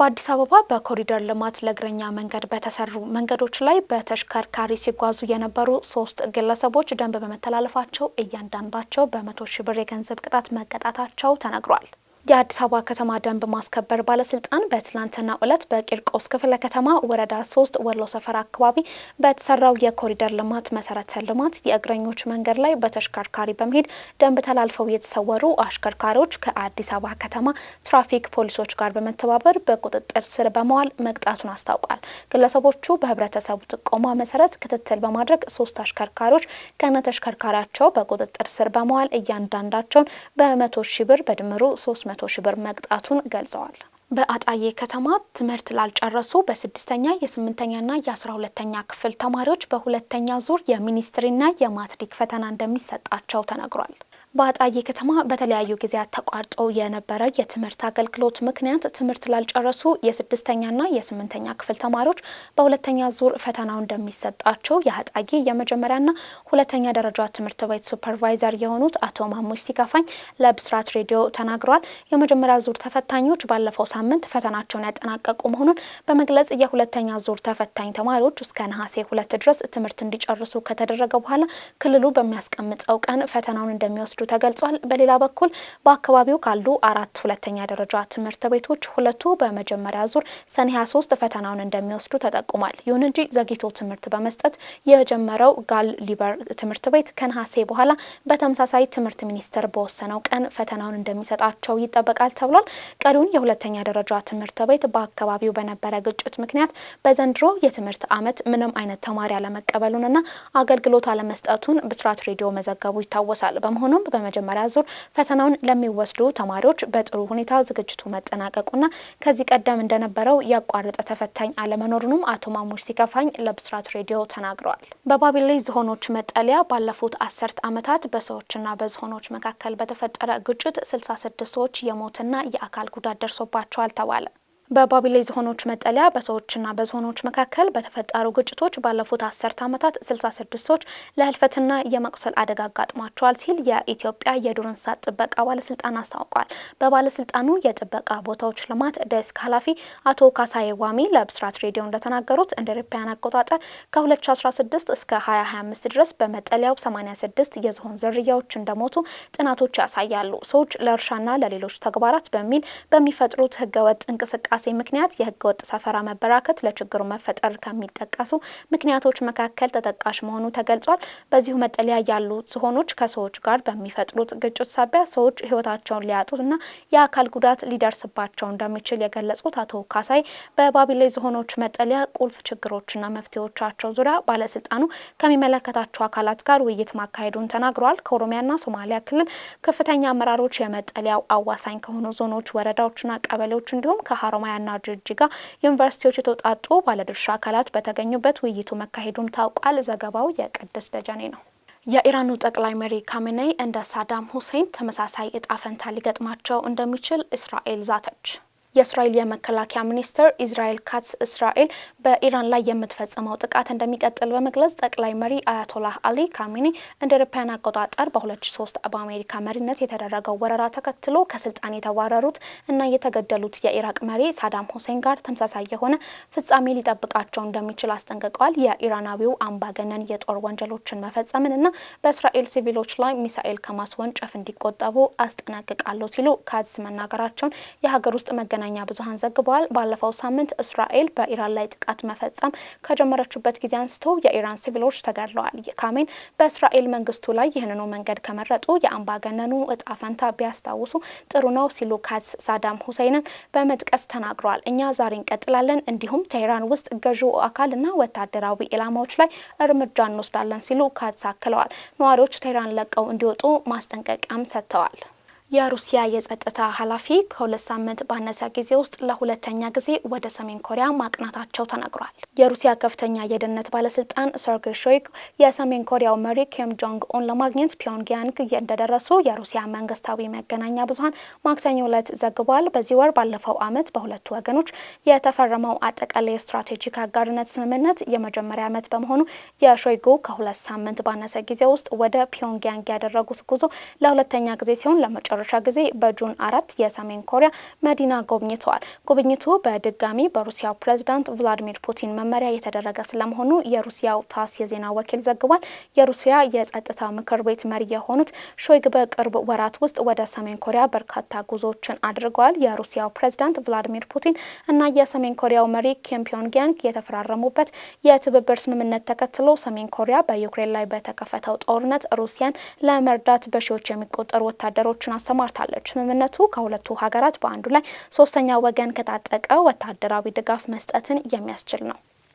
በአዲስ አበባ በኮሪደር ልማት ለእግረኛ መንገድ በተሰሩ መንገዶች ላይ በተሽከርካሪ ሲጓዙ የነበሩ ሶስት ግለሰቦች ደንብ በመተላለፋቸው እያንዳንዳቸው በመቶ ሺ ብር የገንዘብ ቅጣት መቀጣታቸው ተነግሯል። የአዲስ አበባ ከተማ ደንብ ማስከበር ባለስልጣን በትላንትና ዕለት በቂርቆስ ክፍለ ከተማ ወረዳ ሶስት ወሎ ሰፈር አካባቢ በተሰራው የኮሪደር ልማት መሰረተ ልማት የእግረኞች መንገድ ላይ በተሽከርካሪ በመሄድ ደንብ ተላልፈው የተሰወሩ አሽከርካሪዎች ከአዲስ አበባ ከተማ ትራፊክ ፖሊሶች ጋር በመተባበር በቁጥጥር ስር በመዋል መቅጣቱን አስታውቋል። ግለሰቦቹ በህብረተሰቡ ጥቆማ መሰረት ክትትል በማድረግ ሶስት አሽከርካሪዎች ከነተሽከርካሪያቸው በቁጥጥር ስር በመዋል እያንዳንዳቸውን በመቶ ሺህ ብር በድምሩ ሶስት መቶ ሺህ ብር መቅጣቱን ገልጸዋል። በአጣዬ ከተማ ትምህርት ላልጨረሱ በስድስተኛ የስምንተኛና የአስራ ሁለተኛ ክፍል ተማሪዎች በሁለተኛ ዙር የሚኒስትሪና የማትሪክ ፈተና እንደሚሰጣቸው ተነግሯል። በአጣዬ ከተማ በተለያዩ ጊዜያት ተቋርጦ የነበረ የትምህርት አገልግሎት ምክንያት ትምህርት ላልጨረሱ የስድስተኛና የስምንተኛ ክፍል ተማሪዎች በሁለተኛ ዙር ፈተናው እንደሚሰጣቸው የአጣዬ የመጀመሪያና ሁለተኛ ደረጃ ትምህርት ቤት ሱፐርቫይዘር የሆኑት አቶ ማሙሽ ሲከፋኝ ለብስራት ሬዲዮ ተናግረዋል። የመጀመሪያ ዙር ተፈታኞች ባለፈው ሳምንት ፈተናቸውን ያጠናቀቁ መሆኑን በመግለጽ የሁለተኛ ዙር ተፈታኝ ተማሪዎች እስከ ነሐሴ ሁለት ድረስ ትምህርት እንዲጨርሱ ከተደረገ በኋላ ክልሉ በሚያስቀምጠው ቀን ፈተናውን እንደሚወስዱ እንደሚወስዱ ተገልጿል። በሌላ በኩል በአካባቢው ካሉ አራት ሁለተኛ ደረጃ ትምህርት ቤቶች ሁለቱ በመጀመሪያ ዙር ሰኔ 23 ፈተናውን እንደሚወስዱ ተጠቁሟል። ይሁን እንጂ ዘግይቶ ትምህርት በመስጠት የጀመረው ጋል ሊበር ትምህርት ቤት ከነሐሴ በኋላ በተመሳሳይ ትምህርት ሚኒስቴር በወሰነው ቀን ፈተናውን እንደሚሰጣቸው ይጠበቃል ተብሏል። ቀሪውን የሁለተኛ ደረጃ ትምህርት ቤት በአካባቢው በነበረ ግጭት ምክንያት በዘንድሮ የትምህርት ዓመት ምንም አይነት ተማሪ አለመቀበሉንና አገልግሎት አለመስጠቱን ብስራት ሬዲዮ መዘገቡ ይታወሳል። በመሆኑም በመጀመሪያ ዙር ፈተናውን ለሚወስዱ ተማሪዎች በጥሩ ሁኔታ ዝግጅቱ መጠናቀቁና ከዚህ ቀደም እንደነበረው ያቋረጠ ተፈታኝ አለመኖሩንም አቶ ማሙሽ ሲከፋኝ ለብስራት ሬዲዮ ተናግረዋል። በባቢሌ ዝሆኖች መጠለያ ባለፉት አስርት ዓመታት በሰዎችና በዝሆኖች መካከል በተፈጠረ ግጭት 66 ሰዎች የሞትና የአካል ጉዳት ደርሶባቸዋል ተባለ። በባቢሌ ዝሆኖች መጠለያ በሰዎችና በዝሆኖች መካከል በተፈጠሩ ግጭቶች ባለፉት አስርተ ዓመታት 66 ሰዎች ለህልፈትና የመቁሰል አደጋ አጋጥሟቸዋል ሲል የኢትዮጵያ የዱር እንስሳት ጥበቃ ባለስልጣን አስታውቋል። በባለስልጣኑ የጥበቃ ቦታዎች ልማት ደስክ ኃላፊ አቶ ካሳዬ ዋሚ ለብስራት ሬዲዮ እንደተናገሩት እንደ አውሮፓውያን አቆጣጠር ከ2016 እስከ 2025 ድረስ በመጠለያው 86 የዝሆን ዝርያዎች እንደሞቱ ጥናቶች ያሳያሉ። ሰዎች ለእርሻና ለሌሎች ተግባራት በሚል በሚፈጥሩት ህገወጥ እንቅስቃሴ እንቅስቃሴ ምክንያት የህገወጥ ሰፈራ መበራከት ለችግሩ መፈጠር ከሚጠቀሱ ምክንያቶች መካከል ተጠቃሽ መሆኑ ተገልጿል። በዚሁ መጠለያ ያሉ ዝሆኖች ከሰዎች ጋር በሚፈጥሩት ግጭት ሳቢያ ሰዎች ህይወታቸውን ሊያጡና የአካል ጉዳት ሊደርስባቸው እንደሚችል የገለጹት አቶ ካሳይ በባቢሌ ዝሆኖች መጠለያ ቁልፍ ችግሮችና መፍትሄዎቻቸው ዙሪያ ባለስልጣኑ ከሚመለከታቸው አካላት ጋር ውይይት ማካሄዱን ተናግረዋል። ከኦሮሚያና ሶማሊያ ክልል ከፍተኛ አመራሮች የመጠለያው አዋሳኝ ከሆኑ ዞኖች፣ ወረዳዎችና ቀበሌዎች እንዲሁም ከሀሮማ ከሀዋያና ጅጅጋ ዩኒቨርሲቲዎች የተውጣጡ ባለድርሻ አካላት በተገኙበት ውይይቱ መካሄዱም ታውቋል። ዘገባው የቅድስ ደጀኔ ነው። የኢራኑ ጠቅላይ መሪ ካሜኔይ እንደ ሳዳም ሁሴን ተመሳሳይ እጣ ፈንታ ሊገጥማቸው እንደሚችል እስራኤል ዛተች። የእስራኤል የመከላከያ ሚኒስትር ኢዝራኤል ካትስ እስራኤል በኢራን ላይ የምትፈጽመው ጥቃት እንደሚቀጥል በመግለጽ ጠቅላይ መሪ አያቶላህ አሊ ካሚኒ እንደ አውሮፓውያን አቆጣጠር በ2003 በአሜሪካ መሪነት የተደረገው ወረራ ተከትሎ ከስልጣን የተባረሩት እና የተገደሉት የኢራቅ መሪ ሳዳም ሁሴን ጋር ተመሳሳይ የሆነ ፍጻሜ ሊጠብቃቸው እንደሚችል አስጠንቅቀዋል። የኢራናዊው አምባገነን የጦር ወንጀሎችን መፈጸምን እና በእስራኤል ሲቪሎች ላይ ሚሳኤል ከማስወንጨፍ እንዲቆጠቡ አስጠነቅቃለሁ ሲሉ ካትስ መናገራቸውን የሀገር ውስጥ መገ መገናኛ ብዙሃን ዘግበዋል። ባለፈው ሳምንት እስራኤል በኢራን ላይ ጥቃት መፈጸም ከጀመረችበት ጊዜ አንስቶ የኢራን ሲቪሎች ተገድለዋል። ካሜን በእስራኤል መንግስቱ ላይ ይህንኑ መንገድ ከመረጡ የአምባገነኑ እጣ ፈንታ ቢያስታውሱ ጥሩ ነው ሲሉ ካዝ ሳዳም ሁሴንን በመጥቀስ ተናግረዋል። እኛ ዛሬ እንቀጥላለን፣ እንዲሁም ቴህራን ውስጥ ገዢው አካልና ወታደራዊ ኢላማዎች ላይ እርምጃ እንወስዳለን ሲሉ ካዝ አክለዋል። ነዋሪዎች ቴህራን ለቀው እንዲወጡ ማስጠንቀቂያም ሰጥተዋል። የሩሲያ የጸጥታ ኃላፊ ከሁለት ሳምንት ባነሰ ጊዜ ውስጥ ለሁለተኛ ጊዜ ወደ ሰሜን ኮሪያ ማቅናታቸው ተነግሯል። የሩሲያ ከፍተኛ የደህንነት ባለስልጣን ሰርጌ ሾይግ የሰሜን ኮሪያው መሪ ኪም ጆንግ ኡን ለማግኘት ፒዮንግያንግ እንደደረሱ የሩሲያ መንግስታዊ መገናኛ ብዙሀን ማክሰኞ ዕለት ዘግቧል። በዚህ ወር ባለፈው ዓመት በሁለቱ ወገኖች የተፈረመው አጠቃላይ የስትራቴጂክ አጋርነት ስምምነት የመጀመሪያ ዓመት በመሆኑ የሾይጉ ከሁለት ሳምንት ባነሰ ጊዜ ውስጥ ወደ ፒዮንግያንግ ያደረጉት ጉዞ ለሁለተኛ ጊዜ ሲሆን ለመጨረ ለመጨረሻ ጊዜ በጁን አራት የሰሜን ኮሪያ መዲና ጎብኝተዋል። ጉብኝቱ በድጋሚ በሩሲያው ፕሬዝዳንት ቭላዲሚር ፑቲን መመሪያ የተደረገ ስለመሆኑ የሩሲያው ታስ የዜና ወኪል ዘግቧል። የሩሲያ የጸጥታ ምክር ቤት መሪ የሆኑት ሾይግ በቅርብ ወራት ውስጥ ወደ ሰሜን ኮሪያ በርካታ ጉዞዎችን አድርገዋል። የሩሲያው ፕሬዝዳንት ቭላዲሚር ፑቲን እና የሰሜን ኮሪያው መሪ ኪም የተፈራረሙበት የትብብር ስምምነት ተከትሎ ሰሜን ኮሪያ በዩክሬን ላይ በተከፈተው ጦርነት ሩሲያን ለመርዳት በሺዎች የሚቆጠሩ ወታደሮችን አሳ ተሰማርታለች። ስምምነቱ ከሁለቱ ሀገራት በአንዱ ላይ ሶስተኛ ወገን ከታጠቀ ወታደራዊ ድጋፍ መስጠትን የሚያስችል ነው።